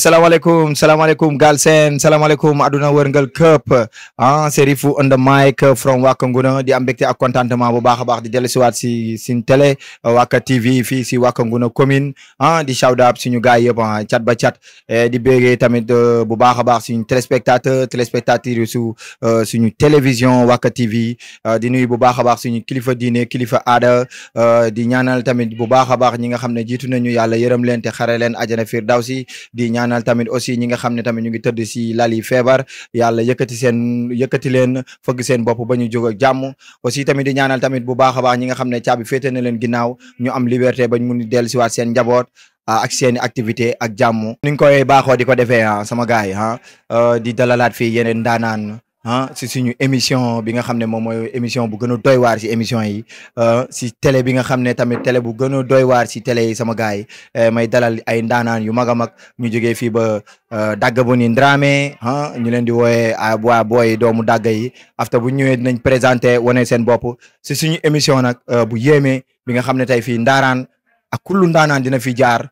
salaamaaleykum salaamaaleykum Galsen salaamaaleykum aduna wërngal këpp ah Serifou on the mic from Wack Ngouna di am mbégte ak contentement bu baax a baax di dellusiwaat si sin télé uh, Wack TV fii si Wack Ngouna commune ah di shout out suñu gars yëpp ah ba cat eh, di béggee tamit uh, bu baax a baax suñu téléspectateur téléspectateur su uh, suñu télévision Wack TV ah, di nuyu bu baax a baax suñu kilifa diine kilifa aada ah, di ñaanal tamit bu baax a baax ñi nga xam ne jiitu nañu yàlla yërëm leen te xare leen àjjana firdawsi di ñaan ñaanal tamit aussi ñi nga xam ne tamit ñu ngi tëdd si lal yi feebar yàlla yëkkati seen yëkkati leen fëgg seen bopp ba ñu jóg ak jàmm aussi tamit di ñaanal tamit bu baax a baax ñi nga xam ne caabi féete na leen ginnaaw ñu am liberté bañ mun dellu siwaat seen njaboot ah, ak seeni activité ak jàmm ni nga koy baaxoo di ko defee ah sama gars yi ah euh, di dalalaat fii yeneen daanaan ah si suñu émission bi nga xam ne moom mooy émission bu gën a doy waar si émission yi euh, si télé bi nga xam ne tamit télé bu gën a doy waar si télé yi sama gars yi euh, may dalal ay ndaanaan yu mag a mag ñu jógee fii ba euh, Daggaboni Dramé ah ñu leen di wooyee waa booy doomu dagg yi afta bu ñëwee dinañ présenté wane seen bopp si suñu émission nag bu yéemee bi nga xam ne tey fii ndaaraan ak ndaanaan dina fi jaar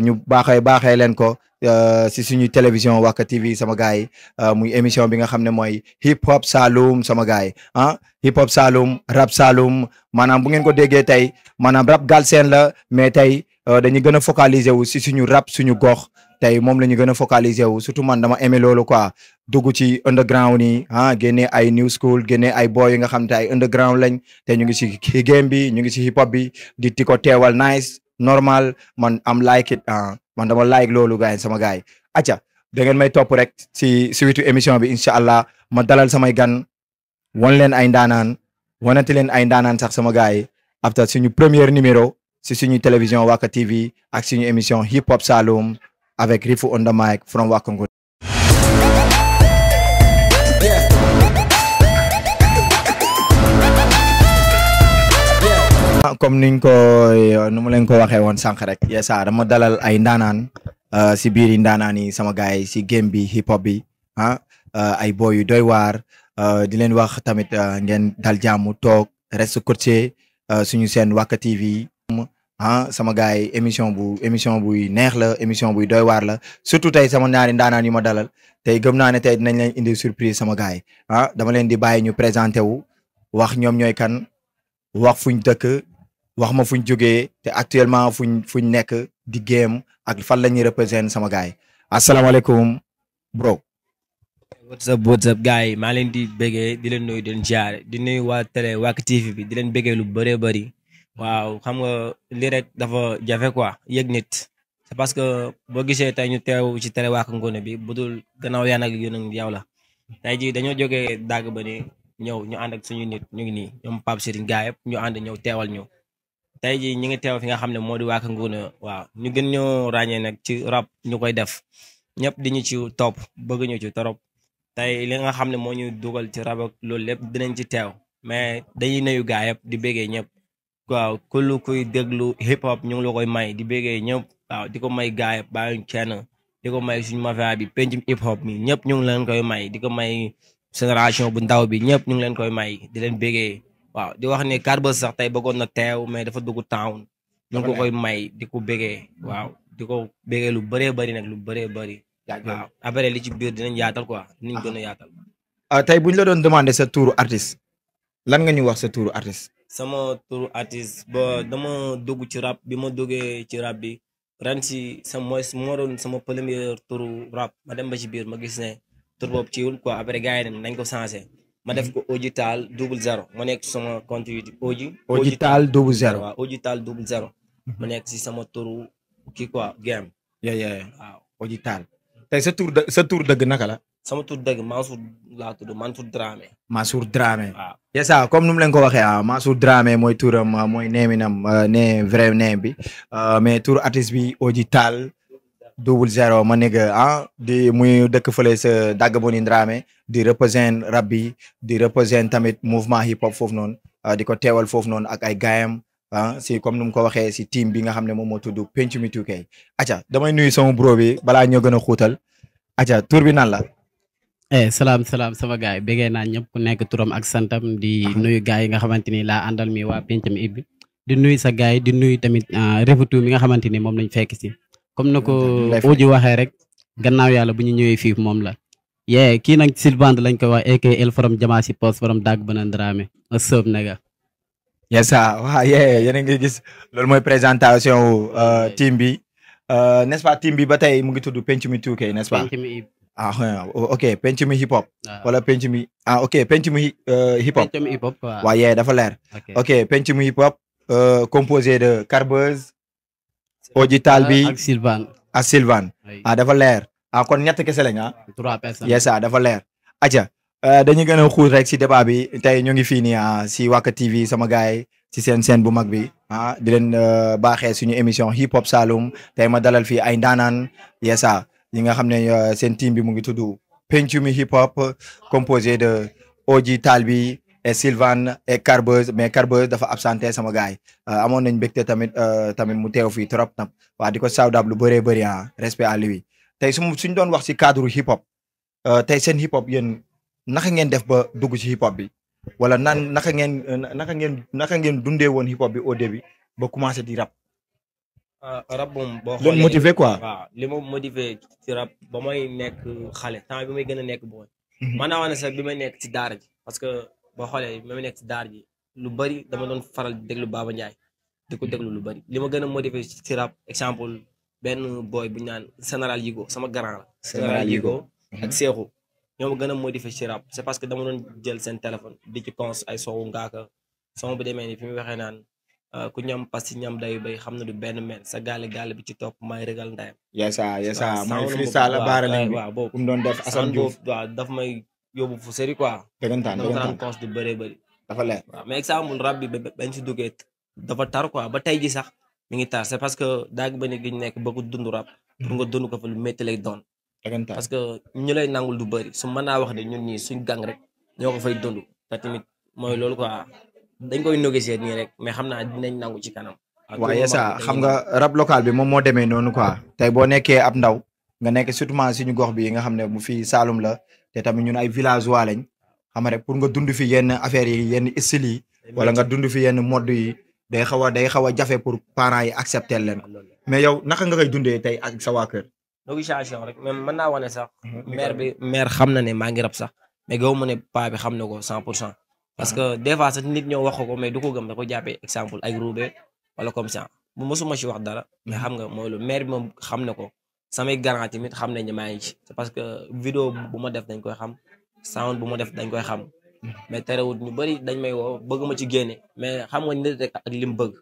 ñu baaxee baaxee leen ko Euh, si suñu télévision Wack TV sama gars yi euh, muy émission bi nga xam ne mooy hip hop Saloum sama yi ah hip hop Saloum rap Saloum maanaam bu ngeen ko déggee tey maanaam rap galsen la mais tey euh, dañu gën a focaliser wu si suñu rap suñu gox tey moom la ñu gën a focaliser wu surtout man dama aimé loolu quoi dugg ci underground yi ah génnee ay new school génnee ay boy yi nga xam te ay underground lañ te ñu ngi si game bi ñu ngi si hip hop bi di ti ko teewal nice normal man am like uh, man dama like loolu gars sama gars yi acca da ngeen may topp rek si si witu émission bi incha allah ma dalal samay gan wan leen ay ndaanaan wanati leen ay ndaanaan sax sama gars yi après suñu premier numéro si suñu télévision Waka TV ak suñu émission hip hop Saloum avec Rifu on the mic from Waka sànq comme niñ ko euh, nu mu leen ko waxee woon sànq rek yeesa dama dalal ay ndaanaan euh, si biir yi ndaanaan yi sama gars yi si game bi hip hop bi ah euh, ay boy yu doy waar di leen wax tamit ngeen dal jàmm toog reste côté suñu seen Wack TV ah sama gars yi émission bu émission buy neex la émission buy doy waar la surtout tey sama ñaari ndaanaan yu ma dalal tey gëm naa ne tey dinañ leen indi surprise sama yi ah dama leen di bàyyi ñu présenté wu wax ñoom ñooy wax fuñ dëkk wax ma fuñ jógee te actuellement fu fuñ nekk di game ak fan la ñuy représenter sama gars yi asalaamaaleykum bro. what's up what's up gars yi maa leen di bëggee di leen nuyu di leen ziare di nuyu waa télé Wack bi di leen bëggee lu bëree bëri. waaw xam nga lii dafa jafe quoi yëg nit c'est parce que boo gisee tey ñu teew ci télé Wack Ngoné bi budul gannaaw yaa nag yow nag yow la tey jii dañoo jógee dàgg ba ni ñëw ñu ànd ak suñu nit ñu ngi nii ñoom Pape Serigne gars yëpp ñu ànd ñëw teewal ñu. tey jii ñu ngi teew fi nga xam ne moo di Waaka Ngouna waaw ñu gën ñoo ràññee nag ci rap ñu koy def ñëpp di ñu ci topp bëgg ñu ci torop tey li nga xam ne moo ñu dugal ci rap ak loolu lépp dinañ ci teew mais dañuy nuyu gaa yëpp di béggee ñëpp waaw kullu kuy déglu hip hop ñu ngi la koy may di béggee ñëpp waaw di ko may gaa yëpp bàyyiñ kenn di ko may suñu mafia bi pencum hip hop mi ñëpp ñu ngi leen koy may di ko may génération bu ndaw bi ñëpp ñu leen koy may di leen béggee waaw di wax ni Carbos sax tey bëggoon na teew mais dafa dugg town ñu ngi koy may di ko bégee waaw di ko bégee lu bëree bëri nag lu bëree bari waaw après li ci biir dinañ yaatal quoi dinañ gën a ah. yaatal ah, tey bu ñu la doon demandé sa tuuru artiste lan nga ñu wax sa tuuru artiste sama tuuru artiste ba dama dugg ci rab bi ma duggee ci rab bi ren si sa mooy moo doon sama premier tuuru rab ma dem ba ci biir ma gis ne tur boobu ciwul quoi après gars yi nañ ko changé ma def ko Audital double zero ma nekk sama compte YouTube Audi. Audital double mhm. ma nekk si sama turu kii quoi game. yaa yaa waaw Audital. tey sa tur sa tur dëgg naka la. sama tur dëgg Mansour laa tudd Mansour ma Mansour Dramé. waaw yesa ah, comme nu mu leen ko waxee ah Mansour Dramé mooy turam ah, mooy neeminam ah, ne vrai neem bi tur artiste bi Audital. double zero ma nigga ah di muy dëkk fële sa Dagaboni Dramé di représente rap bi di représente tamit mouvement hip hop foofu noonu ah, di ko teewal foofu noonu ak ay gaayam ah si comme nu mu ko waxee si team bi nga xam ne moom moo tudd penc mi tukkee aca damay nuyu sama bro bi balaa ñoo gën a xuutal aca tur la eh, salaam salaam sama gaay béggee naa ñëpp ku nekk turam ak santam di ah. nuyu gaay yi nga xamante ni laa àndal mi waa penc mi ibbi di nuyu sa gaay di nuyu tamit ah, Refou Tout nga xamante ni moom lañ fekk si comme na ko uji waxee rek gannaaw yàlla bu ñu ñëwee fii moom la yee kii nag Sylvain lañ koy wax ek el forom jamaa si post forom daag bana Dramé a sëb nega yes waaw yee yéen a ngi gis loolu mooy présentation uh, team bi uh, nest bi ba tey mu ngi tudd penc mi 2K n'est-ce pas ah oh, ok penc mi hip hop. Ah. wala penc mi ah mi uh, hip hop. penc mi dafa leer. ok penc mi hip hop. composé de Carbuzz Oji Talbi ak Sylvain ak Sylvain ah dafa leer ah kon ñett kese lañ ah. trois personnes yes ah, dafa leer. aja euh, dañu gën a xuus rek si débat bi tey ñu ngi fii nii ah si Wack TV sama gars yi si seen seen bu mag bi ah di leen euh, baaxee suñu émission hip hop Saloum tey ma dalal fii ay ndaanaan yes ah, ñi nga xam ne euh, seen team bi mu ngi tudd Pencumi hip hop composé de Oji Talbi. et eh, Sylvane et eh, Carbeuse mais Carbeuse dafa absenté sama gars yi eh, tamit mu teew fii trop nag waa di ko sawdaab lu bëree bëri ah respect à lui tey su suñ doon wax si cadre hip hop tey seen hip hop yéen naka ngeen def ba dugg si hip hop bi wala nan naka ngeen naka ngeen naka ngeen dundee woon hip hop bi o début ba commencé di rap. Ah, rap moom boo xoolee motivé quoi. waaw li ma motivé ci rap ba may nekk xale temps bi may gën a nekk booy. maanaam mhm. sax bi may nekk ci daara boo xoolee ma nekk si daar ji lu bëri dama doon faral di déglu Baba Ndiaye di ko déglu lu bëri li ma gën a motivé si rab exemple benn booy bu ñu naan général Yigo sama grand la. général Yigo ak Seexu ñoom gën a modifié ci rap c'est parce que dama doon jël seen téléphone bi ci cons ay soow ngaaka son bu demee ni fi mu waxee naan ah, ku ñam parce que ñam day bay xam na du benn men sa gaale gaale bi ci top may régal ndayam yesa yesa mooy freestyle baara leen bi waaw yóbbu fu seri quoi. dëggantaan dëggantaan cons du bëree bëri. dafa leer waaw mais rab bi bañ si duggee dafa tar quoi ba tey ji sax mi ngi tar c'est parce que daag ba ne gi ñu nekk bëggu dund rab. pour nga dund ko fa lu métti lay doon. dëggantaan parce que ñu lay nangul du bëri su mën naa wax ne ñun ñii suñ gang rek ñoo ko fay dund te mooy loolu quoi dañ koy négocier nii rek mais xam naa dinañ nangu ci kanam. waaye sa xam nga rab locale bi moom moo demee noonu quoi tey boo nekkee ab ndaw nga nekk surtout si suñu gox bi nga xam ne mu fii Saalum la te tamit ñun ay wa lañ xam rek pour nga dund fi yenn affaire yi yenn style yi wala nga dund fi yenn mode yi day xaw a day xaw a jafe pour parents yi accepter leen mais yow naka nga koy dundee tey ak sa waa kër. négociation rek même mën naa wane sax. Mhm. maire bi maire xam na ne maa ngi rab sax mais gaw ma ne paa bi xam na ko 100 pour parce que des fois sax nit ñoo wax ko mais du ko gëm da ko jàppee exemple ay roube wala comme ça bu mosuma ci wax dara mais mhm. xam nga mooy lu bi moom xam na ko. samay garant tamit xam nañ ne maa ngi parce que vidéo bu ma def dañ koy xam sound bu ma def dañ koy xam mais terewut ñu bëri dañ may woo bëgg ma ci génne mais xam nga ne rek ak lim bëgg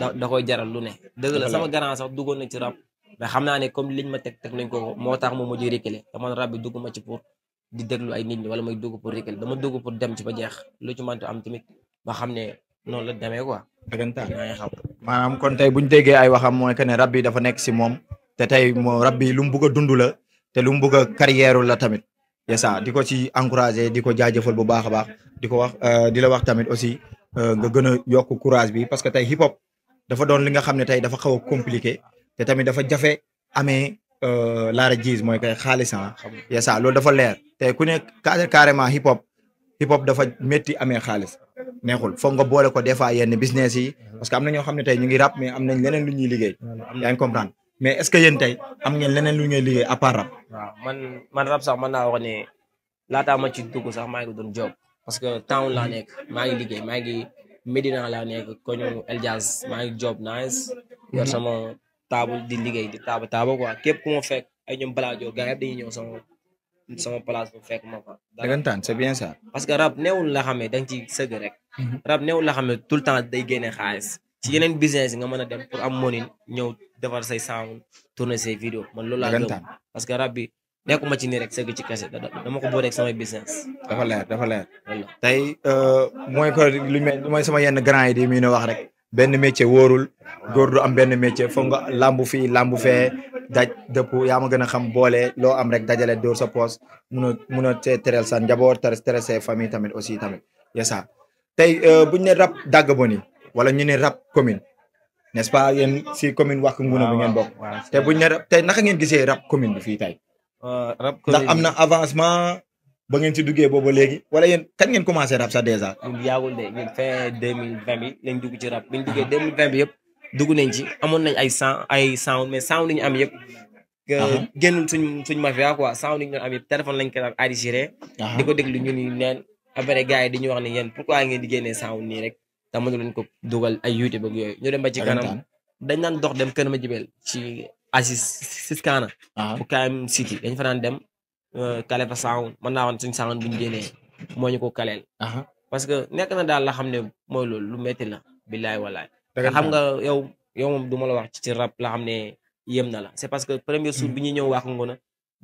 da da koy jaral lu ne dëgg la sama garant sax duggoon na ci rap mais xam na ne comme liñ ma teg teg nañ ko moo tax mu mujj récalé dama rab bi dugg ma ci pour di déglu ay nit ñi wala may dugg pour récalé dama dugg pour dem ci ba jeex lu ci mënta am tamit ba xam ne noonu la demee quoi. dëggantaan maanaam kon tey bu ñu déggee ay waxam mooy que ne rab bi dafa nekk si moom te tey moo rabbi lu mu bugg a dund la te lum mu bugg carrière la tamit yesa di ko ci encouragé di ko jaajëfal bu baax a baax di ko wax euh, di la wax tamit aussi euh, nga gën a yokk courage bi parce que tey hip hop dafa doon li nga xam ne tey dafa xaw a compliqué te tamit dafa jafe amee euh, laara jiis mooy kay xaalisan ah. yesa loolu dafa leer te ku ne carrément hip hop hip hop dafa métti amee xaalis neexul foog nga boole ko des fois yenn business yi parce que am na ñoo xam ne tey ñu ngi rap mais am nañ leneen lu ñuy liggéey yaa ngi mais est-ce que yéen tey am ngeen leneen lu ngay liggéey à part rap. waaw man man sax mën naa wax ne laataa ma ci dugg sax maa ngi doon job parce que town laa nekk maa ngi liggéey maa ngi Medina laa nekk koñu El Jazz maa ngi job nice yor sama table di liggéey di taaba taaba quoi képp ku fek ay ñoom balaa joor gars ñu dañuy ñëw sama sama place bu fekk ma fa. dëggantaan c'est bien ça. parce que rap newul la xamee da ci ciy sëgg rek. Mhm. rap newul la xamee tout le temps day génne xaalis. ci yeneen yi nga mën a dem pour am money ñëw. defar say sound tourner say vidéo man loolu laa gëm parce que rab bi nekkuma ci nii rek sëgg ci kese dama ko booleeg samay business. dafa leer tey euh, mooy ko lu mel mooy sama yenn grand yi di mën a wax rek. benn métier wóorul góor du am benn métier foog lamb fi fii làmbu fee daj dëpp yaa ma gën a xam boole loo am rek dajale dóor sa poos mun a mun a tereel sa njaboot tereel sa famille tamit aussi tamit yesa tey euh, bu ñu ne rap Dagaboni wala ñu ne rap n'est-ce pas yéen si commune Wack Ngouna bi ah, ngeen bokk. te buñ tey naka ngeen gisee rab commune bu fii tey. Euh, rap commune am na avancement ba ngeen si duggee boobu léegi wala yéen kan ngeen commencé rap sax dèjà. ñun yaagul de ñun fin deux mille vingt bi lañ dugg ci rap bi ñu duggee deux mille yëpp dugg nañ ci amoon nañ ay sang ay sang mais sang li ñu am yëpp. génnul suñ suñ mafia quoi sang li ñu am yëpp téléphone lañ ko daan enregistré. di ko déglu ñun ñu neen après gars yi wax ne yéen pourquoi ngeen di génnee sang nii rek. te mënu leen ko dugal ay youtube ak yooyu ñu dem ba ci kanam dañ naan dox dem kër ma jibeel ci Aziz Siskana ah. bu KM City dañ fa naan dem euh, kale fa saawoon mën naa woon suñu saawoon bu ñu génnee moo ñu ko kaleel parce que nekk na daal la xam ne mooy loolu lu metti la billaay walaay nga xam nga yow yow moom du la wax ci rab la xam ne yem na la c'est parce que premier jour bi ñuy ñëw waaxu ngoon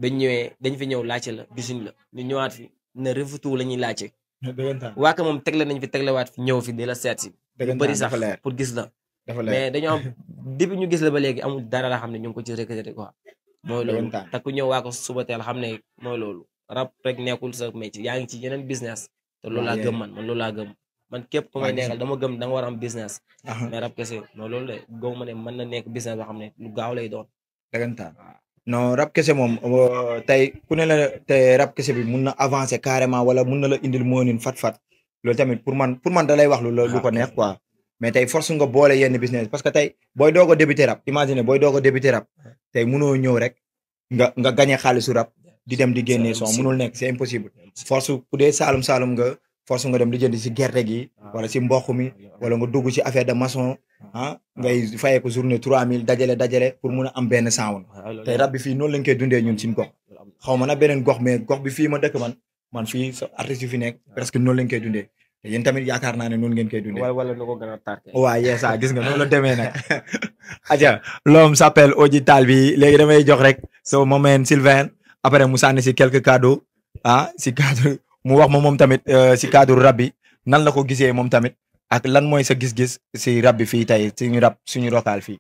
bañ ñëwee dañ fi ñëw laaj la gisuñ la ñu ñëwaat fi ne refoutu la ñuy laajte waa ka moom tegle nañ fi teglewaat fi ñëw fi di la seet si lu bëri sax pour gis la mais dañoo am depuis ñu gis la ba léegi amul dara la xam ne ñu ngi ko ci recruté quoi mooy loolu te ku ñëw waa ko suba teel xam ne mooy loolu rap rek nekkul sa métier yaa ngi ci yeneen business te loolu a gëm man man loolu laa gëm man képp ku may nekkal dama gëm da war am business mais rap kese mooy loolu de ma ne mën na nekk business boo xam ne lu gaaw lay doon dëggantaan non rab kese moom uh, tey rab kese bi na avancer carrément wala mun na la indil moonin fat-fat loolu tamit pour man pour man da lay wax lu lu ko neex quoi mais tey force nga boole yenn business parce que te booy doog a débuter rab imagine booy doog a débuter rab tey munoo ñëw rek nga nga gagné xaalisu rab di dem di génnee son munul nekk c'est impossible force nga dem di jënd si gerte gi ah. wala si mboq ah, wala nga dugg si affaire de maçon ah, ah ngay fayee ko journée 3000 dajale dajale pour mun a am benn saawoon tey rab bi fii noonu lañ koy dundee xaw ma na beneen gox gox bi fii ma dëkk man man fii sa fi nekk presque noonu lañ koy dundee te yéen tamit yaakaar naa ne noonu ngeen koy dundee. wala nu ko gën a tàrkee. aja l'homme s'appelle Odji Tall bi léegi damay jox rek so moment Sylvain après mu si quelques cadeaux mu wax ma moom tamit euh, si cadre rab bi nan la ko gisee moom tamit ak lan mooy sa gis-gis si rab bi fii tey suñu rab suñu local fii.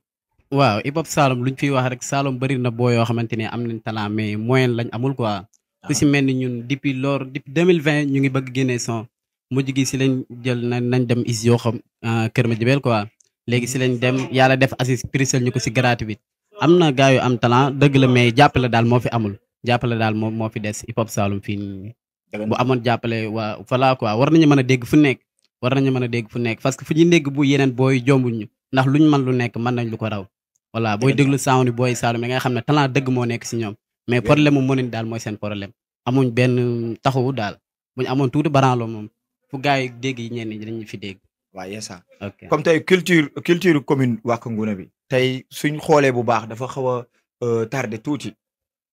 waaw hip hop lu luñ fiy wax rek Saloum bëri na boo yoo xamante ne am nañ talent mais moyen lañ amul quoi. Ah. ku si mel ni ñun depuis lors depuis deux mille vingt ñu ngi bëgg génnee son mujj gi si lañ jël nañ dem is yoo xam euh, Kër Madiabel quoi léegi si lañ dem yàlla def assis prisel ñu ko si gratuite am na gars yu am talent dëgg la mais jàppale daal moo fi amul jàppale daal moo moo fi des hip hop fii bu amoon jàppale waa falaa quoi war nañu mën a dégg fu nekk war nañu mën a dégg fu nekk parce que fu ñu dégg bu yeneen booy jombuñu ndax luñ mën lu nekk mën nañ lu ko raw voilà booy déglu sound booy Saalum da nga xam ne talent dëgg moo nekk si ñoom mais problème mu mënin daal mooy seen problème amuñ benn taxawu daal buñ amoon tuuti baranloo moom fu gars yi dégg yi ñenn ñi dañu fi dégg waaw yes ça ok comme tey culture culture commune Wack Ngouna bi tey suñ xoolee bu baax dafa xaw a euh, tardé tuuti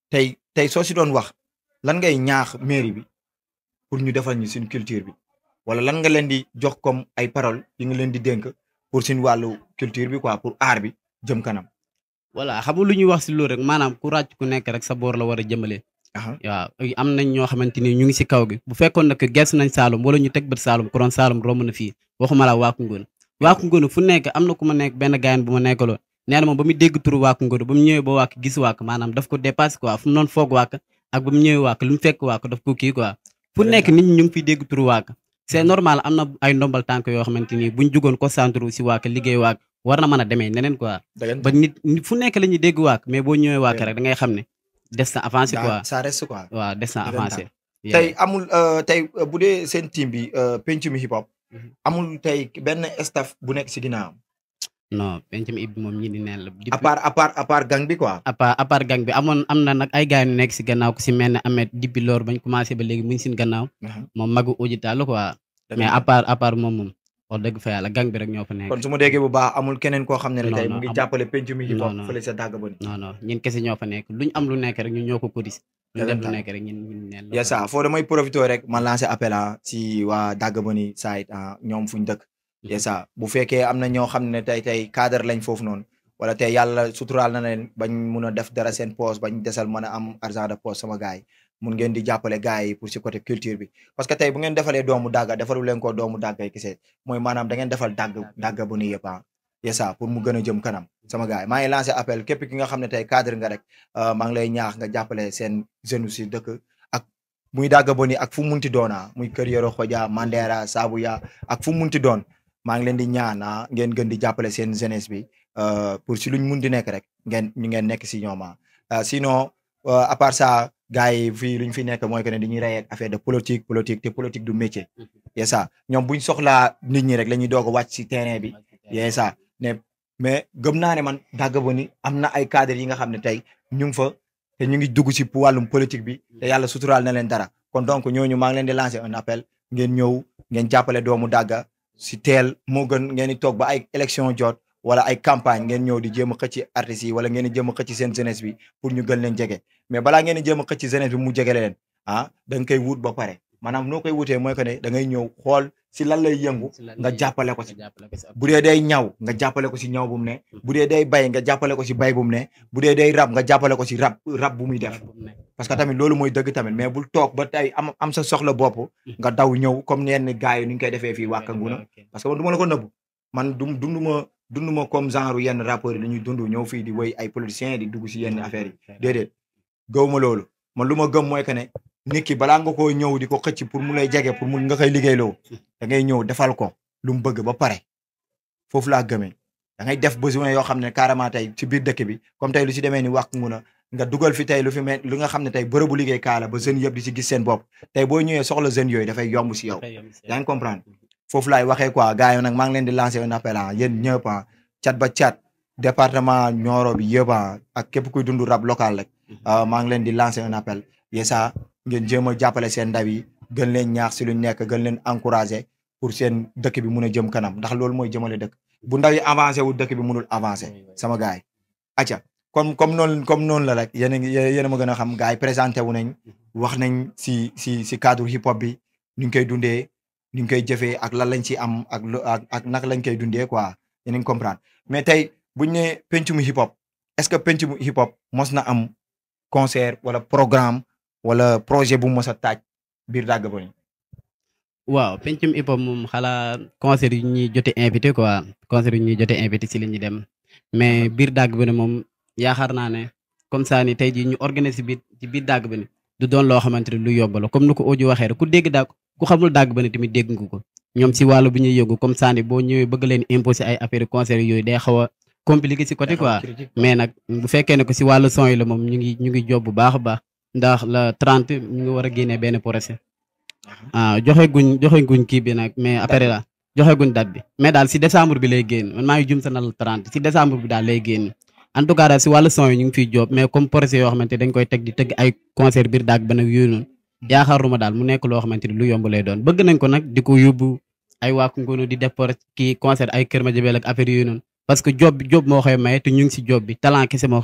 tey tey soo si doon wax lan ngay ñaax mairie bi pour ñu defal ñu suñu culture bi wala lan nga leen di jox comme ay parole yi nga leen di dénk pour suñu wàllu culture bi quoi pour aar bi jëm kanam. voilà xam lu ñuy wax si loolu rek maanaam ku ràcc ku nekk rek sa boor la war a jëmale. waaw am nañ ñoo xamante ni ñu ngi si kaw gi bu fekkoon nag gees nañ Saalum wala ñu teg bët Saalum kuroon Saalum romb na fii waxuma la waaku ngoon waaku ngoon fu nekk am na ku ma nekk benn gaayan bu ma nekkaloon nee na moom ba muy dégg turu mu ñëwee ba waak gis waak maanaam ko dépassé quoi fu mu noonu foog mu ñëwee waak lu mu fekk waak kii quoi fu nekk ni ñi ñu ngi fiy dégg turu waag c'est hmm. normal am na ay ndombal tànk yoo xamante ni buñ jugoon ko centre si waag liggéey waag war na mën a demee neneen quoi ba nit fu nekk la ñuy dégg waag mais boo ñëwee waag rek da ngay xam ne des na avancé quoi ça reste quoi waaw des na tey amul euh, tey euh, bu dee seen team bi euh, penc mi hip hop hmm. amul tey benn staff bu nekk si ginnaawam non pencam ibbi moom ñi di neen la. à part à part à gang bi quoi. à part gang bi am na nekk si gannaaw ku si mel ne Ameth depuis loolu bañ commencé ba léegi mu ngi gannaaw. Mhm. moom magu auditeur la quoi. mais à moom moom wax dëgg fa yàlla gang bi rek ñoo fa nekk. kon su ma déggee bu baax amul keneen koo xam ne ne tey mu ngi jàppale kese ñoo fa luñ am lu nekk rek ñun ñoo ko cotiser. yasa foo damay profité rek ma ah, ah, ñoom fuñ dëkk dèjà bu fekkee am na ñoo xam ne tey tey cadre lañ foofu noonu wala tey yàlla sutural na leen bañ mun a def dara seen poche bañ desal mën am argent de poche sama gars yi mun ngeen di jàppale gars yi pour si côté culture bi parce que tey bu ngeen defalee doomu dàgga defalu leen ko doomu dàgga yi kese mooy maanaam da ngeen defal dàgg dàgga bu nu yesa ah. pour mu gën a jëm kanam sama gars yi maa appel képp ki nga xam ne tey cadre nga rek euh, maa ngi lay ñaax nga jàppale seen jeunes si dëkk ak muy dàgga bu ni ak fu munti doona ah, muy kër yoro xoja mandera sabuya ak fu munti doon maa ngi leen di ñaana ah, ngeen gën di seen jeunesse bi euh, pour si luñ mun di rek ngeen ñu ngeen nekk si ñoom ah. euh, sinon euh, à part ça gars yi fii luñ fi nekk mooy que ne dañuy rey ak de politique politique te politique du métier. c'est ça ah. ñoom bu soxlaa nit ñi rek la ñuy doog a si terrain bi. c'est ça ne mais gëm naa ne man dàgg ba ni am na ay cadres yi nga xam ne tey ñu ngi fa te ñu ngi dugg si wàllum politique bi. te yàlla suturaal na len dara. kon donc ñooñu maa ngi leen di lancer un appel ngeen ñëw si teel moo gën ngeen di toog ba ay élection jot wala ay campagne ngeen ñëw di jéem a xëcc artistes yi wala ngeen di jéem a xëcc seen jeunesse bi pour ñu gën leen jege mais bala ngeen di jéem a xëcc jeunesse bi mu jege leen ah da nga koy wut ba pare maanaam noo koy wutee mooy que ne da ngay ñëw xool si lan lay yëngu nga jàppale ko si bu dee day ñaw nga jàppale ko si ñaw bu mu ne hmm. bu dee day bay nga jàppale ko si bay bu mu ne bu dee day rab nga jàppale ko si rab rab bu muy def parce que tamit loolu mooy dëgg tamit mais bul toog ba tey am am sa soxla bopp hmm. nga daw ñëw comme yenn gars yi ni ñu koy defee fii hmm. wàkkanguna parce que man du ma la ko nëbbu man du dunduma dunduma comme genre yenn rappeurs yi dañuy dund ñëw fii di woy ay politiciens di dugg si yenn affaires yi déedéet gëwuma loolu man lu ma gëm mooy que ne nit ki balaa nga koy ñëw di ko xëcc pour mu lay jege pour mu nga koy liggéeyloo da ngay ñëw defal ko lu mu bëgg ba pare foofu laa gëmee da ngay def besoin yoo xam ne carrément tey ci biir dëkk bi comme tey lu si demee ni wax mun a nga dugal fi tey lu fi mel lu nga xam ne tey bërëbu liggéey kaala ba jeunes yëpp di si gis seen bopp tey boo ñëwee soxla jeunes yooyu dafay yomb si yow yaa ngi comprendre foofu laay waxee quoi gars yi nag maa ngi leen di lancer un appel ah yéen ñëpp ah cat ba cat département Nioro bi yëpp ah ak képp kuy dund rap local mm-hmm. ah, maa ngi leen di lancer un appel ngeen jéem a jàppale seen ndaw yi gën leen ñaax si lu nekk gën leen encouragé pour seen dëkk bi mun a jëm kanam ndax loolu mooy jëmale dëkk bu ndaw yi avancé wu dëkk bi munul avancé sama gars yi acca comme comme noonu comme noonu la rek yéen a yéen a ma gën xam gars yi wu nañ mhm. wax nañ si si si cadre hip hop bi ni ñu koy dundee ni ñu koy jëfee ak lan lañ ci am ak ak ak naka lañ koy dundee quoi yéen a ngi comprendre mais tey buñ ne pencum hip hop est-ce que pencum hip hop mos am concert wala programme wala projet bu mos a taaj biir dàgg ba waaw pencum hip hop moom xalaa concert yu ñuy jote invité quoi concert yu ñuy jote invité si la ñuy dem mais biir dàgg ba ne moom yaakaar naa ne comme ça ni tey jii ñu organiser biir ci biir dàgg ba ne du doon loo xamante ne lu yomb la comme ni ko audio waxee rek ku dégg dàgg ku xamul dàgg ba tamit dégg nga ko ñoom si wàllu bu ñuy yëngu comme ça ni boo ñëwee bëgg leen imposer ay affaire concert yooyu day xaw a compliqué si côté quoi mais nag ko si wàllu ñu ngi ñu bu baax a baax ndax la trente ñu ngi war a génnee benn projet ah joxe guñ joxe guñ kii bi nag mais après la joxe guñ date bi mais daal si décembre bi lay génn man maa ngi jum na la trente si décembre bi daal lay génn en tout cas daal si wàllu son ñu ngi fiy job mais comme projet yoo xamante dañ koy teg di teg ay concert biir daag ba nag yooyu noonu hmm. yaakaaruma daal mu nekk loo xamante ni lu yomb lay doon bëgg nañ ko nag di ko yóbbu ay waa Koungheul di def kii concert ay Kër Madiabel ak parce que job job moo koy maye te ñu ngi si job bi talent kese moo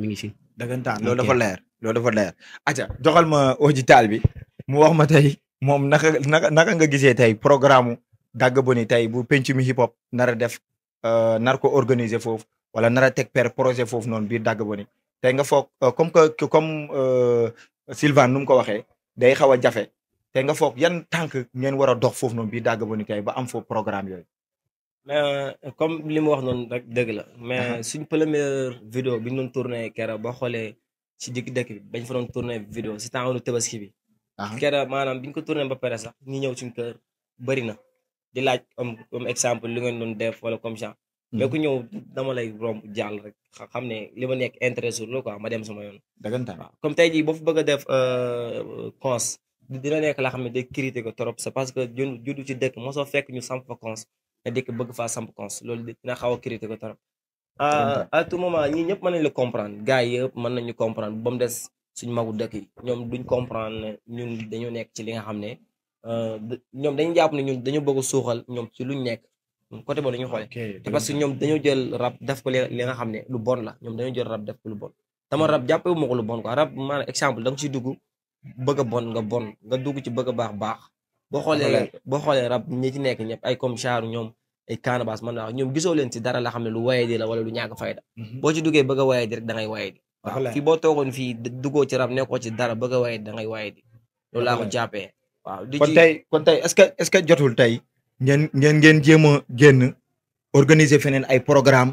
mi ngi si. dëggantaan loolu dafa leer loolu dafa leer aca joxal ma audital bi mu wax ma tey moom naka naka naka nga gisee tey programme dagg bu ni tey bu penc mi hip hop nar a def euh, nar ko organiser foofu wala nar a teg per projet foofu noonu biir dagg bu ni tey nga foog euh, comme que comme euh, Sylvain nu mu ko waxee day xaw a jafe tey nga foog yan tànk ngeen war a dox foofu noonu biir dagg bu ni tey ba am foofu programme yooyu mais euh, comme li mu wax noonu rek dëgg la. mais suñ première vidéo bi ñu doon tourné keroog boo xoolee ci digg dëkk bi bañ fa doon tourné vidéo si temps tabaski bi. keroog maanaam bi ñu ko tourné ba pare sax ñi ñëw suñ kër bëri na di laaj comme exemple li ngeen doon def wala comme genre. Hmm. mais ku ñëw dama lay romb jàll rek xam ne li ma nekk intéressé wu la quoi ma dem sama yoon. dëggantaan waaw comme tey jii boo fa bëgg a def euh, cons dina nekk laa xam ne day critiqué ko trop c'est parce que judd ci dëkk mosoo fekk ñu samp nga dëkk bëgg faa samp cons loolu xaw a critiquer ko trop ah, à tout moment ñi ñëpp mën nañ la comprendre gars yi yëpp mën des suñu magu dëkk yi ñoom duñ comprendre ñun dañoo nekk ci li nga xam ne euh, ñoom dañu jàpp ne ñun dañoo bëgg suuxal ñoom ci luñ nekk côté boobu dañu xoole te parce que ñoom dañoo jël rab def ko li nga xam ne lu bon la ñoom dañoo jël rab def ko lu bon dama hmm. rab jàppee wu ma ko lu bon quoi rab maanaam exemple da nga ciy dugg bëgg a bon nga bon nga dugg ci bëgg a baax baax boo xoolee boo xoolee rab ñi ci nekk ñëpp ay comme chaaru ñoom ay canabaas man naa wax ñoom gisoo leen ci dara la xam ne lu waye di la wala lu ñàkk fayda mhm. boo ci duggee bëgg a waye di rek da ngay di waaw fii boo toogoon fii duggoo ci rab nekkoo ci dara bëgg a waye da ngay waye di loolu laa ko jàppee waaw di kon tey kon tey est-ce que est-ce que jotul tey ngeen ngeen ngeen jéem a génn organiser feneen ay programme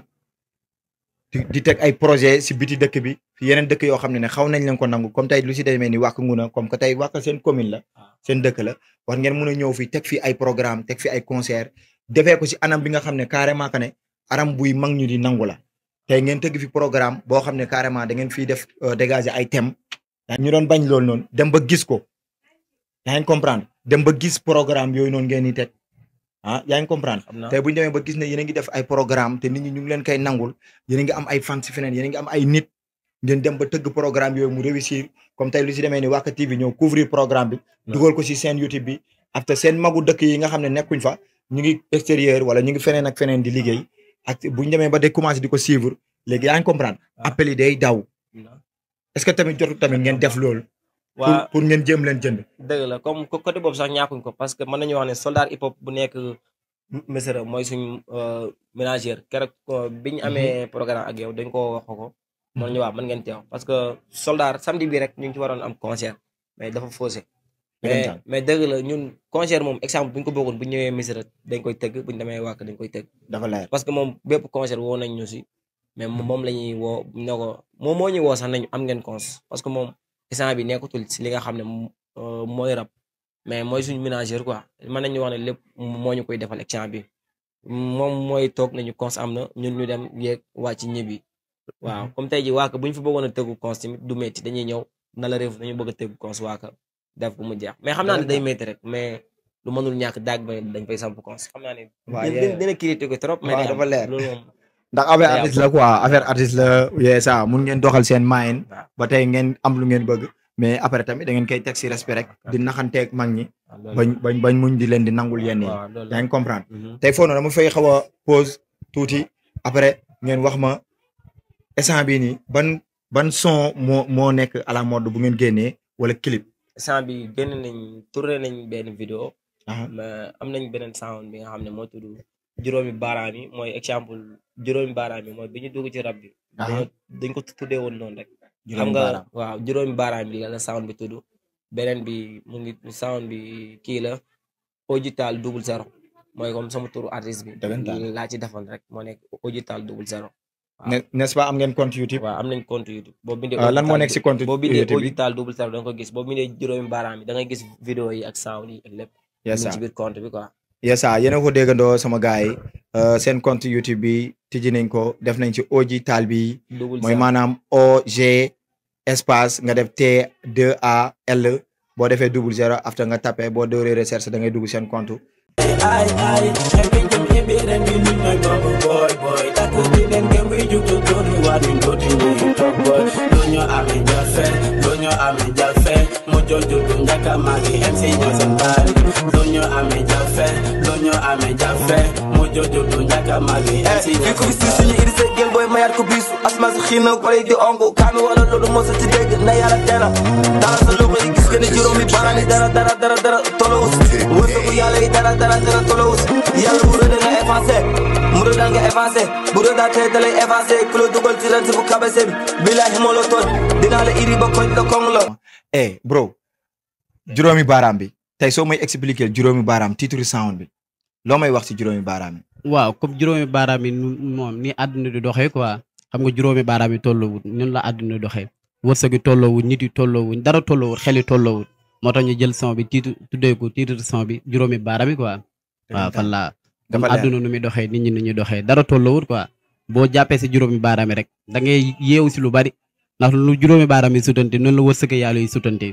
di teg ay projet si biti dëkk bi yeneen dëkk yoo xam ne xaw nañ leen nangu comme tey lu si demee ni wàkk nguna comme que tey wàkk seen commune la ah. seen dëkk la war ngeen mën a ñëw fi teg fi ay programme teg fi ay concert defee si anam bi nga xam ne carrément buy mag ñu di nangu la tey ngeen tëgg fi programme boo xam ne carrément da ngeen fiy def euh, dégager ay thème ñu doon bañ loolu noonu dem ba gis ko yaa ngi comprendre ba gis programme yooyu noonu ngeen di teg ah yaa ngi comprendre tey bu ñu demee ba gis ne yéen a ngi def ay programme te nit ñi ñu ngi leen koy nangul yéen a ngi am ay fans feneen yéen ngi am ay nit ngeen dem ba tëgg programme yooyu mu réussir comme tey lu si demee ni Wack TV ñëw couvrir programme bi dugal ko si seen YouTube bi after seen magu dëkk yi nga xam ne nekkuñ fa ñu ngi extérieur wala ñu ngi feneen ak feneen di liggéey ak bu ñu demee ba day commencé di ko suivre léegi yaa ngi comprendre appel yi day daw est-ce tamit jotu tamit ngeen def loolu waa pour ngeen jéem leen jënd. dëgg la comme côté boobu sax ñàkkuñ ko parce que mën nañu wax ne soldat hip hop bu nekk Missirah mooy suñu euh, ménagère keroog euh, bi ñu mhm. amee programme ak yow dañ ko wax ko mhm. mën nañu waaw mën ngeen teew parce que soldat samedi bi rek ñu ngi ci waroon am concert mais dafa faussé. mais mais dëgg la ñun concert moom exemple bu ñu ko bokkoon bu ñu ñëwee Missirah dañ koy tëgg bu ñu demee wàkk dañ koy teg dafa leer parce que moom bépp concert woo nañ ñu mais mhm. moom la ñuy woo ne ko moom moo ñuy sax nañu am ngeen cons parce que moom. instant bi nekkatul si xam ne euh, mooy rab mais mooy suñu ménagère quoi mën nañu wax ne lépp moo ñu koy defal action moom mooy toog nañu cons am na ñun ñu dem yeeg wàcc ñibbi waaw mhm. comme tey ji waaka bu ñu fa bëggoon a tëggu cons tamit du métti dañuy ñëw nala la réew dañu bëgg a tëggu cons waaka def ko mu jeex mais xam naa day métti rek mais lu mënul ñàkk daag ba dañ fay samp cons xam naa ne dina critiquer ko loolu moom ndax affaire artiste la quoi affaire artiste la yee ça mun ngeen doxal seen maayen ba tey ngeen am lu ngeen bëgg mais après tamit da ngeen koy teg si respect rek di naxanteeg mag ñi ah, bañ bañ bañ muñ di leen di nangul yenn yi yaa ngi comprendre mhm. tey foofu noonu dama fay xaw a pause tuuti après ngeen wax ma instant bii nii ban ban son moo moo nekk à bu ngeen génnee wala clip instant bi génn nañ tourné nañ benn vidéo ah. mais am nañ beneen sound bi nga xam ne moo tudd juróomi baaraam yi exemple juróomi baaraam yi mooy bi ñu dugg ci rab bi. dañ ko tuddee woon noonu rek. xam nga waaw juróomi baaraam bi la la sound bi tudd beneen bi mu ngi sound bi kii la Ojital double zero mooy comme sama turu artiste bi. laa ci defoon rek moo nekk Ojital double zero. waaw n'est-ce pas am ngeen compte YouTube. waaw boo bindee euh, lan moo nekk si compte YouTube bi boo bindee Ojital double zero da nga gis boo bindee juróomi baaraam yi da gis vidéo yi ak sound yi ak ci biir compte bi quoi. yesa yéen a ko déggandoo sama gars yi euh, seen compte YouTube bi tijji nañ ko def nañ ci OG Talbi mooy maanaam OG espace nga def T 2 A L boo defee double zéro after nga tapé boo dooree recherche da ngay dugg seen compte. jo juddu njëkk a maa ngi MC ñoo seen baari lu ñu amee jafe lu ñu amee mu jo juddu njëkk a maa ngi MC ñoo ko bisu suñu iri sa gel booy mayaat ko bisu asmaas xiina wala di ongu kaami wala loolu moo sa ci dégg na yàlla teena daal sa lu koy gis gën a juróomi baaraam yi dara dara tolowus wërsëgu yàlla yi dara dara tolowus yàlla bu rëdd nga avancé mu rëdd nga avancé bu rëddaatee dalay avancé ku la dugal ci si bu kabasee bi bilaahi moo la dinaa la iri ba eh bro hmm. juróomi baaraam bi tey soo may expliquer juróomi baaraam titre sound bi loo may wax ci juróomi baaraam yi. waaw comme juróomi baaraam nu moom ni àdduna di doxee quoi xam nga juróomi baaraam yi tolloowut ñun la àdduna doxee wërsëg yi tolloowut nit yi tolloowuñ dara tolloowut xel yi tolloowut moo tax ñu jël son bi titre tuddeeku ko titre son bi juróomi baaraam yi quoi. waaw fan laa comme àdduna nu muy doxee nit ñi nu ñuy doxee dara tolloowut quoi boo jàppee si juróomi baaraam yi rek da ndax lu juróomi baaraam yi sutante noonu la wërsëg yàlla yi sutante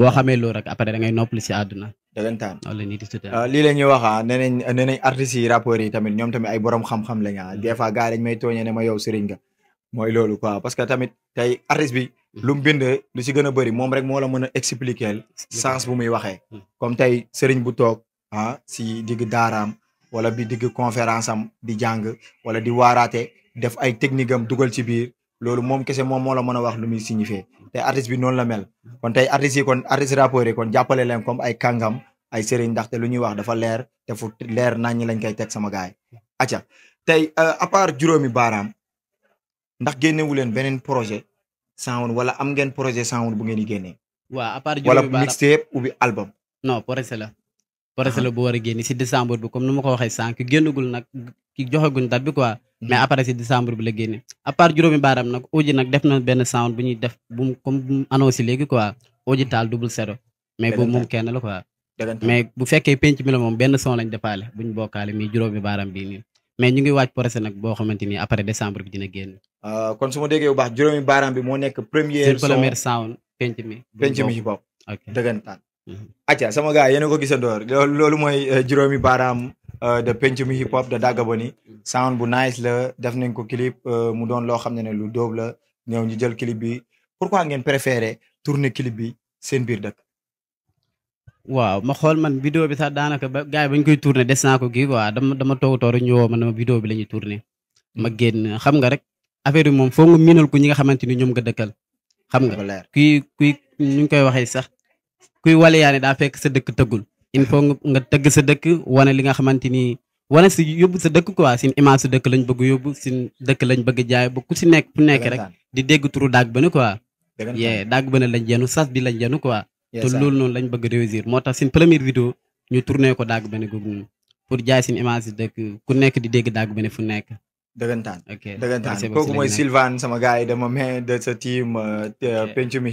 boo xamee loolu rek après da ngay noppali si àdduna dëggantaan ah, lii la ñuy wax ah nee tamit ñoom tamit ay borom xam-xam lañ a ah. des fois gars yi dañ may tooñee ma yow sëriñ nga mooy loolu quoi parce que tamit tey artiste bi hmm. lu bind lu si gën a bëri moom rek moo la mën a expliquer hmm. sens bu muy waxee hmm. comme tey sëriñ bu toog ah si digg daaraam wala bi digg conférence am di jàng wala di waaraate def ay technique am dugal ci biir loolu moom kese moom moo la mën a wax lu muy signifié te artiste bi noonu la mel kon tey artistes kon artiste rappeurs kon jàppale leen comme ay kàngam ay sëriñ ndaxte lu ñuy wax dafa leer te fu leer nañ ñi lañ koy teg sama gaay yi. acca tey euh, à juróomi baaraam ndax génnewu leen beneen projet sound wala am ngeen projet sound bu ngeen di génnee. waaw à part juróomi baaraam wala mixtape ou bien album. la. procès la bu war a génn si décembre bi comme nu ma ko waxee sànq génnagul nag ki joxaguñ date bi quoi mhm. mais après si décembre bi la génne à part juróomi baaram nag Oji nag def na benn sound bu ñuy def bu mu comme bu mu annoncé léegi quoi Oji mhm. taal double zéro mais boobu moom kenn la quoi mais bu fekkee penc mi la moom benn son lañ defaale bu ñu bokkaale mii juróomi baaram bii nii mais ñu ngi waaj procès nag boo xamante ni après décembre bi dina génn ah, kon su ma déggee bu baax bi moo nekk première son première sound penc mi penc acca sama gars yene ko gisandoo loolu mooy euh, juróomi baaraam euh, de penc mi hip hop de Daga Boni sound bu nice la def nañ ko clip euh, mu doon loo xam ne ne lu dóob la ñëw ñu jël clip bi pourquoi ngeen préféré tourner clip bi seen biir dëkk waaw ma xool man vidéo bi sax daanaka ba gars yi bañ koy tourner des naa ko kii quoi dama dama toog toog rek ma ne bi la ñuy tourner ma hmm. génn xam nga rek affaire bi moom foo nga miinal ko ñi nga xamante ni ñoom nga dëkkal xam nga kuy kuy ñu ngi koy waxee sax kuy waliyaane daa fekk sa dëkk tëggul il faut nga tëgg sa dëkk wane li nga xamante ni wane si yóbbu sa dëkk quoi sin image sa dëkk lañ bëgg yóbbu sin dëkk lañ bëgg jaay ba ku si nekk fu nekk rek di dégg turu daag bëna quoi yee daag bëna lañ jenu sas bi lañ jenu quoi te loolu noonu lañ bëgg réussir moo tax sin première vidéo ñu tourné ko daag bëna googu pour jaay sin image sa dëkk ku nekk di dégg daag bëna fu nekk dëggantaan dëggantaan kooku mooy Sylvane sama gars yi dama sa team euh, penc mi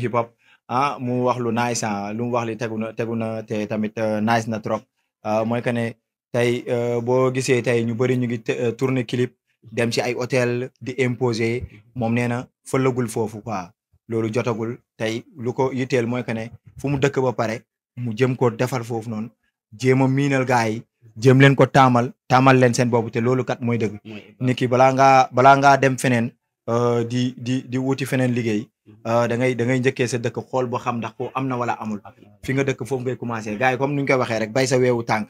ah mu wax lu nice ah lu mu wax li tegu na tegu na te tamit euh, nice na trop euh, mooy que ne tey euh, boo gisee tey ñu bëri ñu ngi tourne clip dem ci ay hôtel di imposer moom nee na fëlagul foofu quoi loolu jotagul tey lu ko yitteel mooy que ne fu mu dëkk ba pare mu jëm ko defar foofu noonu jéem a miinal gars yi jéem leen ko taamal taamal leen seen bopp te loolu kat mooy deg nit ki balaa ngaa balaa ngaa dem feneen di di di wuti feneen liggéey Ah, da ngay da ngay njëkkee sa dëkk xool boo xam ndax ko am na wala amul fi nga dëkk foofu ngay commencé gars yi comme nuñ waxe waxee rek bay sa weewu tànk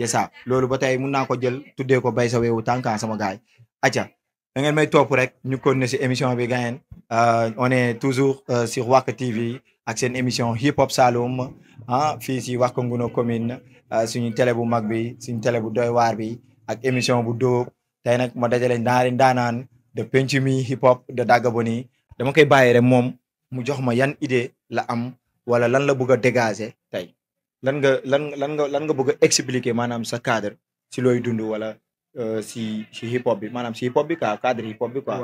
yesa mm-hmm. loolu ba tey mun naa ko jël tuddee ko bay sa weewu tànk ah, sama gars yi acca da ngeen may topp rek ñu continuer si émission bi gayeen ah, on toujours euh, sur Wack TV ak seen émission hip hop Saloum ah fii si Wack Ngouna commune suñu télé bu mag bi suñu tele bu doy waar bi ak émission bu dóob tey nag ma dajale ñaari ndaanaan de penc mi hip hop de Dagaboni dama koy bàyyi rek moom mu jox ma yan idée la am wala lan la bëgg a dégager tey lan nga lan lan nga lan nga bëgg a maanaam sa cadre si looy dund wala euh, si si hip hop bi maanaam si hip hop bi quoi cadre hip hop bi quoi.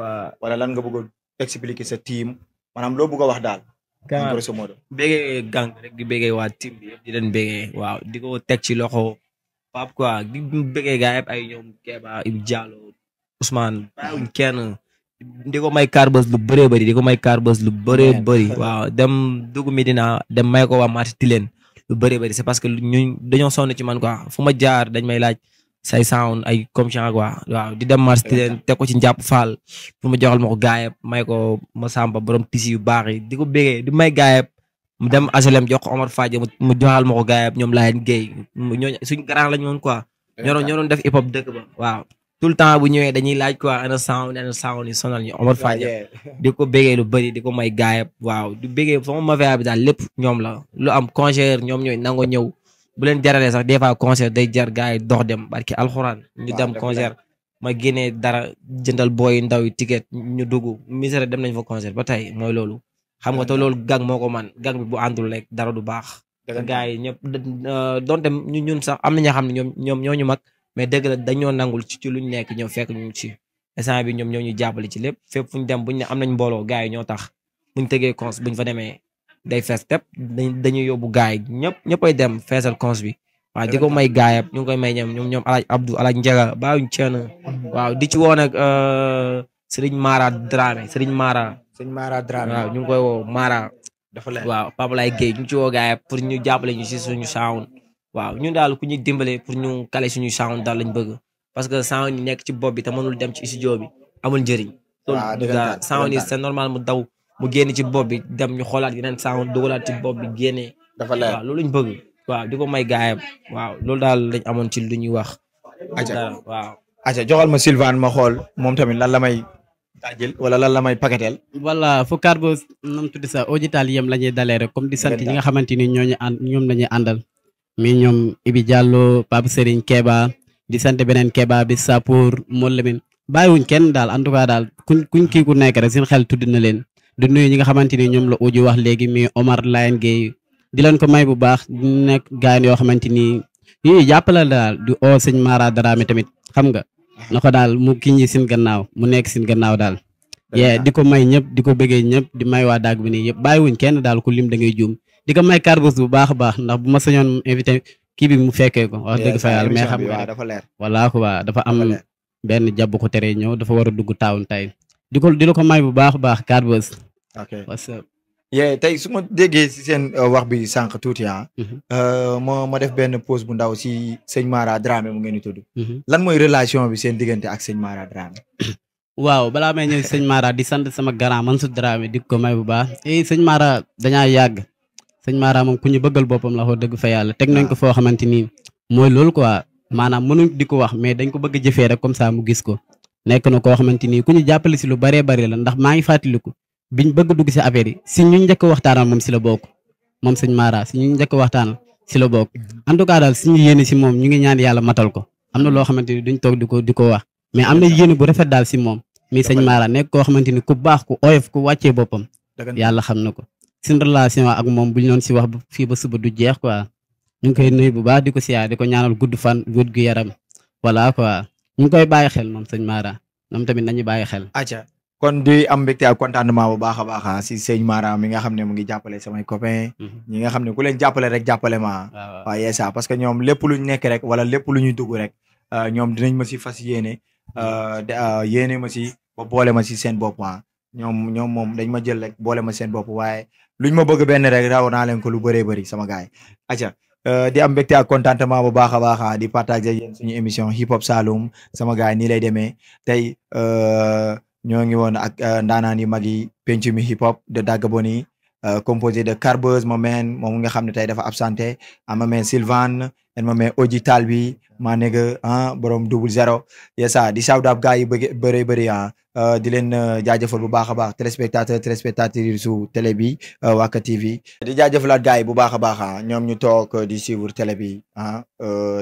wala lan nga bëgg a expliquer sa tim maanaam loo bëgg a wax daal. en grosso modo. bégee gang rek di bégee waa team bi yëpp di leen bégee waaw di ko teg ci loxo pap koi di bégee gaa yëpp ay ñoom Kéba Ibu Diallo Ousmane bàyyiwuñ di ko may kaar bës lu bëree bëri di ko may kaar lu bëree bëri waaw dem dugg Medina dem may ko waa Mati Tilène lu bëree bëri c'est parce que ñu dañoo sonn ci man fu ma jaar dañ may laaj say sound ay comme genre quoi waaw di dem Mati Tilène teg ko ci njàpp faal pour ma joxal ma ko gaayeb may ko ma sàmba borom tisi yu baax yi di ko bégee di may gaayeb mu dem HLM jox ko Omar Fadje mu joxal ma ko gaayeb ñoom Layane Gueye ñooñu suñ grand lañ woon quoi ñoo def hip hop ba waaw tout le temps bu ñëwee dañu laaj quoi ana sound ana sonal ñu Omar Fadia di ko bégee lu bëri di ko may gaayab waaw du bégee ma mafia bi daal lépp ñoom la lu am concert ñoom ñooy nango ñëw bu leen jaralee sax des fois concert day jar gaay dox dem barki alxuraan ñu dem concert ma génnee dara jëndal booy ndaw yi ticket ñu dugg misère dem nañ fa concert ba tey mooy loolu xam nga te loolu gang moo ko man gang bi bu àndul rek dara du baax gaay yi ñëpp euh, donte ñun sax am na ñoo xam ne ñoom ñoom ñoo ñu mag mais dëgg dañoo nangul ci ci luñ nekk ñoom fekk ñu ci instant bi ñoom ñoo ñu jàppale ci lépp fépp fu ñu dem buñ ne am nañ mbooloo gars ñoo tax buñ tegee cons buñ fa demee day fees tepp dañuy yóbbu gars yi ñëpp ñëppay dem feesal cons bi waaw di may gars yi ñu ngi koy may ñoom ñoom ñoom alaaj Abdou alaaj Njega baayuñ ceen waaw di ci woo nag euh, Serigne Mara Dramé Serigne Mara. Serigne Mara Dramé waaw ñu ngi koy woo Mara. dafa lay waaw Pape Lay Guèye ñu ci woo gars yi pour ñu jàppale ñu si suñu sound waaw ñun daal ku ñuy dimbale pour ñu kale suñuy sound daal lañ bëgg parce que sound yi nekk ci bopp bi te mënul dem ci studio bi amul njëriñ. waaw dëgg la sound yi c'est normal mu daw mu génn ci boob bi dem ñu xoolaat yeneen sound dugalaat ci bopp bi génnee. dafa leer waaw loolu ñu bëgg. waaw di ko may gaayam waaw loolu daal lañ amoon ci lu ñuy wax. aca waaw. joxal ma Sylvain ma xool moom tamit lan la may. taajil wala lan la may paketeel. voilà fu Cargo nam tuddi sa audital yem la ñuy dalee rek comme di sant ñi nga xamante ni ñoo ñu ànd ñoom la ñuy àndal mi ñoom Ibi Diallo Pape Serigne di sant beneen Keba bi Sapour Moulamin bàyyiwuñ kenn daal en tout daal kuñ kuñ kii ku nekk rek seen xel tudd na leen du nuyu ñi nga xamante ni ñoom la uju wax léegi mi Omar Layen Gueye di leen ko may bu baax di nekk gaay yoo xamante ni yii jàppale daal di oo sëñ Mara tamit xam nga na ko daal mu kii ñi seen gannaaw mu nekk seen gannaaw daal. ye di ko may ñëpp di ko bëggee ñëpp di may waa daag bi nii yëpp bàyyiwuñ kenn daal ku da ngay di ko may carte bu baax baax ndax bu ma sañoon invité kii bi mu fekkee ko wax dëgg fa yàlla mais xam nga dafa waa dafa am benn jàpp ko tere ñëw dafa war a dugg taawun tay di ko di la ko may bu baax a baax carte bu ok tey su ma déggee seen euh, wax bi sànq tuuti ah. Mm-hmm. Euh, ma ma def benn pause bu ndaw si sëñ Mara Dramé mu ngeen di tudd. Mm-hmm. lan mooy relation bi seen diggante ak sëñ Mara Dramé. waaw balaa may ñëw sëñ Mara di sant sama grand Mansour Dramé di ko may bu baax eh sëñ Mara dañaa yàgg sëñ Mara moom ku ñu bëggal boppam la ko dëgg fa yàlla teg nañ ko foo xamante ni mooy loolu quoi maanaam mënuñ di ko wax mais dañ ko bëgg jëfee rek comme mu gis ko nekk na koo xamante ni ku ñu jàppale si lu baree bari la ndax maa ngi fàttaliku biñ bëgg dugg si affaire yi si ñu njëkk waxtaanal moom si la bokk moom sëñ Mara si ñu njëkk waxtaanal si la bokk en tout cas daal suñu yéene si moom ñu ngi ñaan yàlla matal ko am na loo xamante ni d toog di ko di ko wax mais am na si moom mi sëñ koo xamante ni ku baax ku oyof ku wàccee boppam yàlla xam na ko suñ relation ak moom buñ doon si wax fii ba suba du jeex quoi ñu ngi koy nuyu bu baax di ko siyaar di ko ñaanal gudd fan gud gu yaram voilà quoi ñu ngi koy bàyyi xel moom sëñ Mara moom tamit nañu bàyyi xel. acca kon di am mbégte ak contentement bu baax a baax ah, si sëñ Mara mi nga xam ne mu ngi jàppale samay copains. Mhm. ñi nga xam ne ku leen jàppale rek jàppale ma waaw yee sa ah, parce que ñoom lépp lu ñu nekk rek wala lépp lu ñuy dugg rek ah, ñoom dinañ ma si fas yéene yéene ma si ba boole ma si seen bopp ñoom ñoom moom dañ ma jël rek boole ma seen bopp waaye luñ ma bëgg benn rek raw naa leen ko lu bëree bëri sama gaay acca euh, di am mbégte ak contentement bu baax a baax ah, di partager yéen suñu émission hip hop Saloum sama gaay nii lay demee tey euh, ñoo ngi woon ak euh, ndaanaan yu mag yi penc mi hip hop de Dagaboni Euh, composé de Carbeuse ma meen moom nga xam ne tey dafa absenté ah, ma meen Sylvane en ma meen Oji Talbi maa nekk ah borom double zéro yesa di sawdaab gaa yi bëri bëri ah euh, di leen euh, jaajëfal bu baax a baax téléspectateur téléspectatrice su télé bi Waaka TV di jaajëfalaat gaa bu baax a baax ah ñoom ñu toog di suivre télé bi ah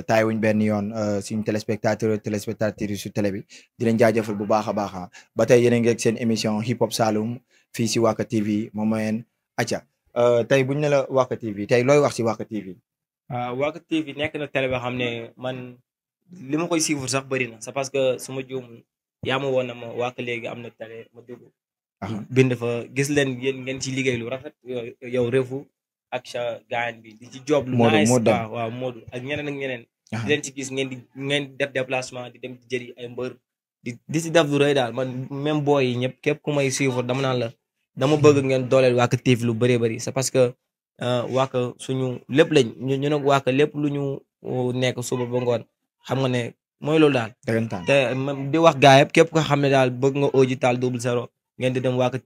taay wuñ benn yoon suñu téléspectateur téléspectatrice su télé bi di leen jaajëfal bu baax a baax ah ba tey yéen a ngi seen émission hip hop Saloum fii si Waaka TV moom mooy acca euh, tey bu ñu ne la Wack TV tey looy wax si Wack TV. Ah, waaw Wack TV nekk na télé boo xam ne man li ma koy suivre sax bëri na c'est parce que su ma juum yaa ma woon na ma Wack léegi am na télé ma dugg. Ah. bind fa gis leen yéen ngeen ci liggéey lu rafet yow Refu ak sa gaañ bi di ci job lu nice ah, waaw Modou ak ñeneen ak ñeneen. di leen ci gis ngeen di ngeen def déplacement di dem di jëri ay mbër. di di si def du daal man même booy yi ñëpp képp ku may suivre dama naan la. dama bëgg ngeen dooleel waa Ka TV lu bëree bëri c'est parce que euh, waa suñu lépp lañ ñu ñu nag waa Ka lépp lu ñu euh, nekk suba ba ngoon xam nga ne mooy loolu daal. te di wax gaa yëpp képp ko xam ne daal bëgg nga Odji Tall Double Zéro ngeen di dem waa Ka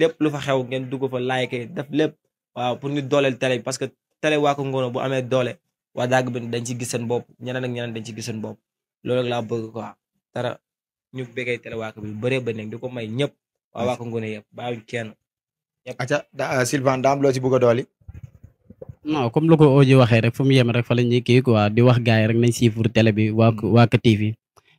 lépp lu fa xew ngeen dugg fa like def lépp waaw pour ñu dooleel télé parce que télé waa Ka bu amee doole waa dagg bi dañ ci gis seen bopp ñeneen ak ñeneen dañ ci gis seen bopp loolu rek laa bëgg quoi dara ñu bëggee télé waa Ka bi bëree bëri nag di ko may ñëpp waaw waa ngune yëpp bàyyiwuñ kenn yëpp acca uh, Sylvain daam loo ci bëgg a comme lu ko Oji waxee rek fu mu yem rek fa la ñuy kii quoi di wax gars yi rek nañ suivre télé bi waa hmm. waa Ka TV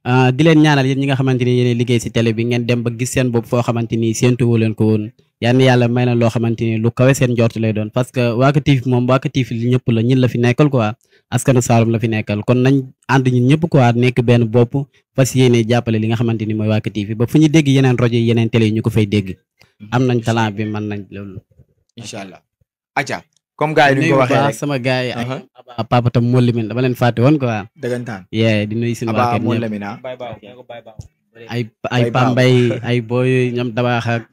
Ah, di leen ñaanal yéen ñi nga xamante ni yéen liggéey si télé bi ngeen dem ba gis seen bopp foo xamante ni séentuwu leen ko woon yal na yàlla may na loo xamante lu kawe seen njort lay doon parce que Waaka TV moom Waaka TV li ñëpp la ñin la fi nekkal quoi askanu Saalum la fi nekkal kon nañ ànd ñun ñëpp quoi nekk benn bopp fas yéene jàppale li nga xamante ni mooy Waaka TV ba fu ñu dégg yeneen rajo yeneen télé yi ñu ko fay dégg am nañ talent bi mën nañ comme gars yi ni ko waxee rek sama gars yi ak uh-huh. Aba Papa dama leen fàtte woon quoi. dëggantaan yee di nuyu suñu waa kër ñëpp ay ay Pambay ay booy ñoom dabaax ak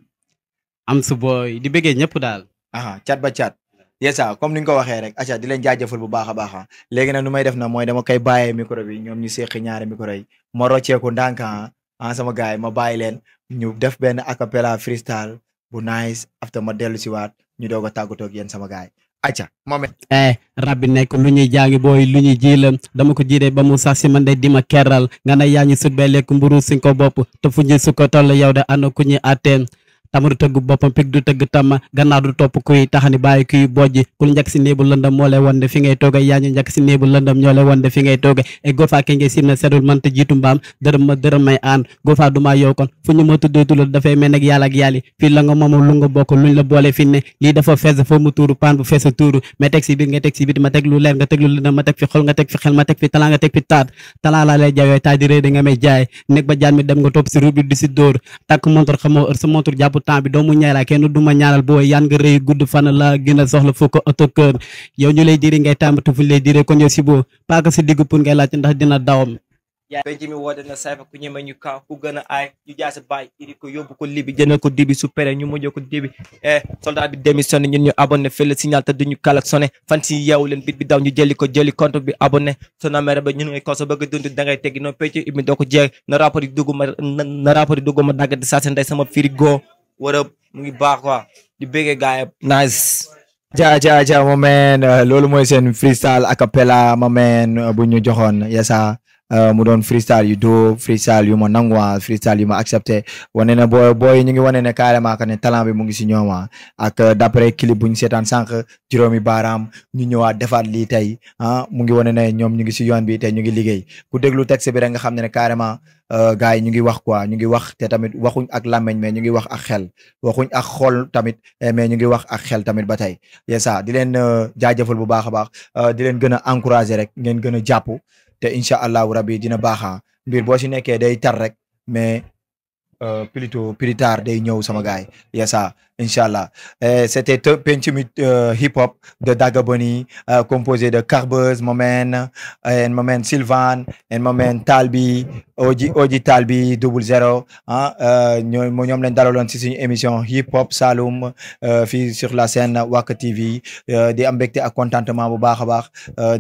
am su booy di bëggee ñëpp daal. aha cat ba cat yesa comme ni nga ko waxee rek aca di leen jaajëfal bu baax a baax ah. léegi nag nu may def na mooy dama koy bàyyee micro bi ñoom ñu seqi ñaari micro yi ma rocceeku ndànka ah, ah sama gars yi ma bàyyi leen ñu def benn acapella freestyle bu nice after ma dellu si waat ñu doog a tàggatoo ak yéen sama gars yi acca moom eh rabbi nekk lu ñuy jaa ngi booy lu ñuy ji la dama ko jiidee ba mu sax man de di ma kerral nga ne yaa ngi sut bay lekk mburu si ko bopp te fu ñuy su ko toll de ana ku ñuy attee tamar tëgg boppam pig du tëgg tam gannaaw du topp kuy taxani bàyyi kuy bojji kul njëkk si néebu lëndam moo lay wonde fi ngay tooge e gofa ke nge sim na setul mënta jiitu mbaam dërëm may aan gofa du maa yow kon fu ñu ma tuddeetu dafay mel nag yàlla fii la nga moom lu nga bokk luñ la boole fi ne lii dafa fees foo tuuru paan bu fees a tuuru mais si biir nga teg si biir ma teg lu leer nga teg lu lëndam ma teg fi xol nga teg fi xel temps bi doomu ñaay laa kenn du ma ñaanal boo yaan nga rëy gudd fan a soxla fukk oto kër yow ñu lay diri ngay tàmbatu fu lay diree kon yow si paaka si digg pour ndax dina dawam yaa penc mi woote na sayfa ku ñeme ñu kaw ku gën a ñu jaase baay iri ko yóbbu libi jënd ko dibi su pere ñu mujjee ko dibi eh soldat bi démissionné ñun ñu abonné fële signal te duñu klaxonné fan si yeewu leen bit bi ñu jëli ko jëli compte bi abonné sona mere ba ñun ngay koso bëgg da ngay teggi noonu penc na rapport ma dagg di sama frigo what up mu ngi baax quoi di béggee gars yi nice ja ja ja ma man uh, loolu mooy seen freestyle acapella ma man uh, bu ñu joxoon yesa Euh, mu doon freestyle yu doo freestyle yu ma nanguwa freestyle yu ma accepté wane na booy booy ñu ngi wane ne carrément que ne talent bi mu ngi si ñooma ah. ak euh, d'après clip bu ñu seetaan sànq juróomi baaraam ñu ñëwaat defaat lii tey ah mu ngi wane ne ñoom ñu ngi si yoon bi tey ñu ngi liggéey ku déglu texte bi rek nga xam ne ne carrément euh, gars yi ñu ngi wax quoi ñu ngi wax te tamit waxuñ ak làmmeñ mais ñu ngi wax ak xel waxuñ ak xol tamit eh, mais ñu ngi wax ak xel tamit ba tey yesa ah, di leen jaajëfal bu baax a baax di leen gën a encourager rek ngeen gën a jàpp te incha allahu rabi dina baaxaa mbir boo si nekkee day tar rek mais euh, plutôt plus day ñëw sama gaay yesa incha allah euh, c'était Pencum euh, hip hop de Dagaboni euh, composé de Carbeuz Momen en euh, Momen Sylvan en Momen Talbi Oji Oji Talbi double zéro ah ñoom ñoom lañ dalaloon si suñu émission hip hop Saloum euh, fii sur la scène Wack bi di am mbégte ak contentement bu baax a baax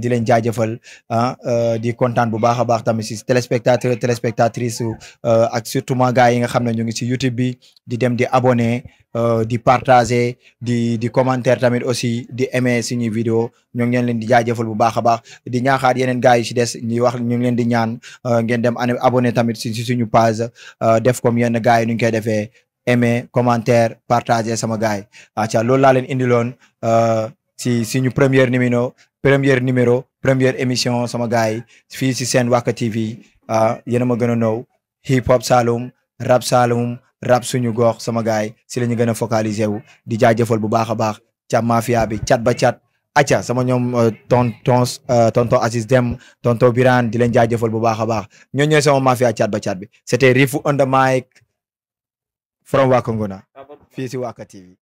di len jaajëfal ah di kontaan bu baax a baax tamit ci téléspectateur téléspectatrice ak surtout maa xam ne ñu ngi YouTube di dem abonné Euh, di partager di di commentaire tamit aussi di aimer suñuy vidéo ñoo ngi leen di jaajëfal bu baax a baax di ñaaxaat yeneen gars yi si des ñi wax ñu ngi leen di ñaan euh, ngeen dem abonné tamit si suñu page euh, def kom yenn gars yi nu ñu koy defee aimer commentaire partager sama gars yi aca loolu laa leen indiloon si suñu première numéro première numéro première émission sama gars yi fii si seen Wack TV ah, yéen a ma gën a know hip hop Saloum rap Saloum rap suñu gox sama gaay si la ñu gën a focaliser wu di jaajëfal bu baax a baax ca mafia bi cat ba cat acca sama ñoom euh, ton ton euh, tonton Aziz Dem tonton Birane di leen jaajëfal bu baax a baax ñoo ñooy sama mafia cat ba cat bi c'était Rifu on the mic from Wakongona ah fii